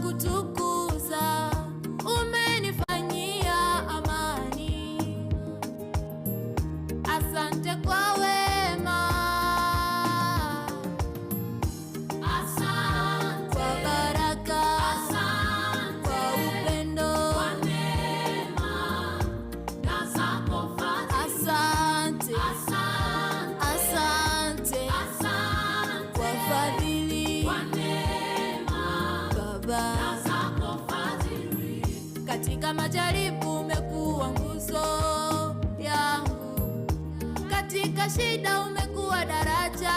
kutuku majaribu umekuwa nguzo yangu, katika shida umekuwa daraja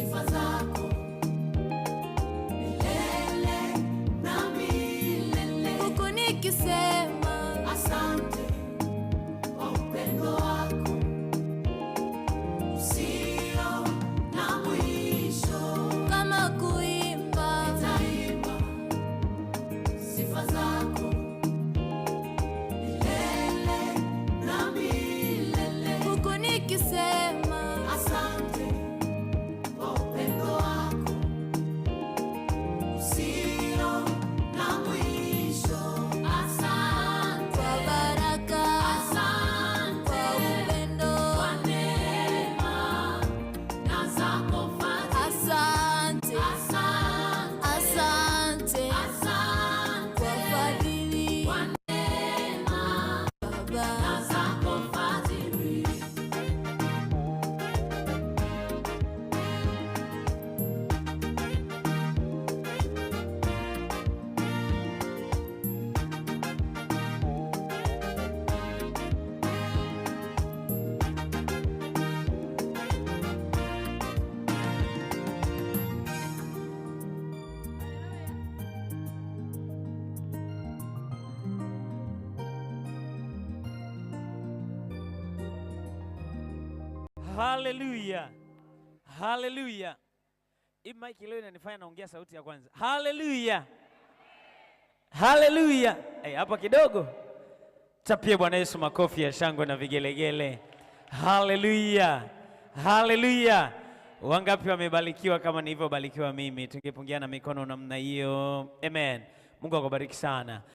sifa zako Haleluya, haleluya. Hii mic leo inanifanya naongea sauti ya kwanza. Haleluya, haleluya. Hey, eh, hapa kidogo tapie Bwana Yesu makofi ya shangwe na vigelegele. Haleluya, haleluya. Wangapi wamebarikiwa kama nilivyobarikiwa mimi? na mikono namna hiyo, amen. Mungu akubariki sana.